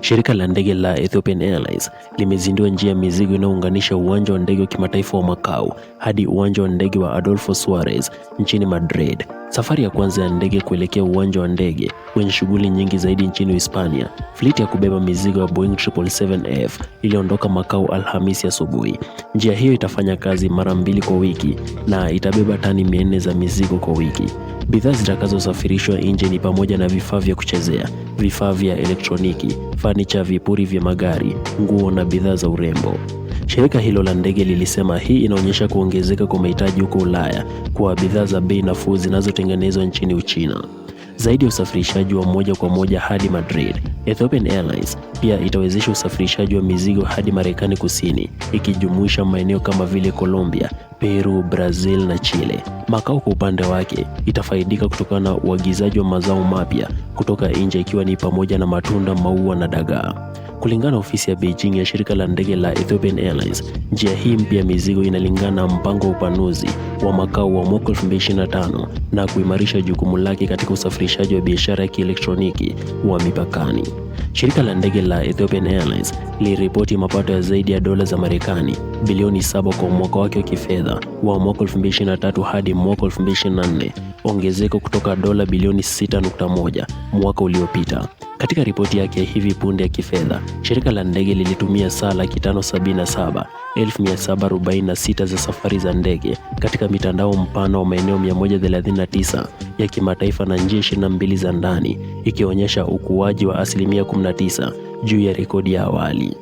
Shirika la ndege la Ethiopian Airlines limezindua njia ya mizigo inayounganisha uwanja wa ndege wa kimataifa wa Macau hadi uwanja wa ndege wa Adolfo Suarez nchini Madrid. Safari ya kwanza ya ndege kuelekea uwanja wa ndege wenye shughuli nyingi zaidi nchini Hispania, fliti ya kubeba mizigo ya Boeing 777F iliondoka Macau Alhamisi asubuhi. Njia hiyo itafanya kazi mara mbili kwa wiki na itabeba tani 400 za mizigo kwa wiki. Bidhaa zitakazosafirishwa nje ni pamoja na vifaa vya kuchezea, vifaa vya elektroniki, fanicha, vipuri vya magari, nguo na bidhaa za urembo. Shirika hilo la ndege lilisema hii inaonyesha kuongezeka kwa mahitaji huko Ulaya kwa bidhaa za bei nafuu zinazotengenezwa nchini Uchina. Zaidi ya usafirishaji wa moja kwa moja hadi Madrid, Ethiopian Airlines pia itawezesha usafirishaji wa mizigo hadi Marekani Kusini, ikijumuisha maeneo kama vile Colombia, Peru, Brazil na Chile. Macau kwa upande wake itafaidika kutokana na uagizaji wa mazao mapya kutoka nje, ikiwa ni pamoja na matunda, maua na dagaa. Kulingana na ofisi ya Beijing ya shirika la ndege la Ethiopian Airlines, njia hii mpya ya mizigo inalingana na mpango wa upanuzi wa Macau wa mwaka 2025 na kuimarisha jukumu lake katika usafirishaji wa biashara ya kielektroniki wa mipakani. Shirika la ndege la Ethiopian Airlines liliripoti mapato ya zaidi ya dola za Marekani bilioni saba kwa mwaka wake wa kifedha wa mwaka 2023 hadi mwaka 2024, ongezeko kutoka dola bilioni 6.1 mwaka uliopita. Katika ripoti yake ya hivi punde ya kifedha, shirika la ndege lilitumia saa laki tano sabini na saba 746 za safari za ndege katika mitandao mpana wa maeneo 139 ya kimataifa na njia 22 za ndani, ikionyesha ukuaji wa asilimia 19 juu ya rekodi ya awali.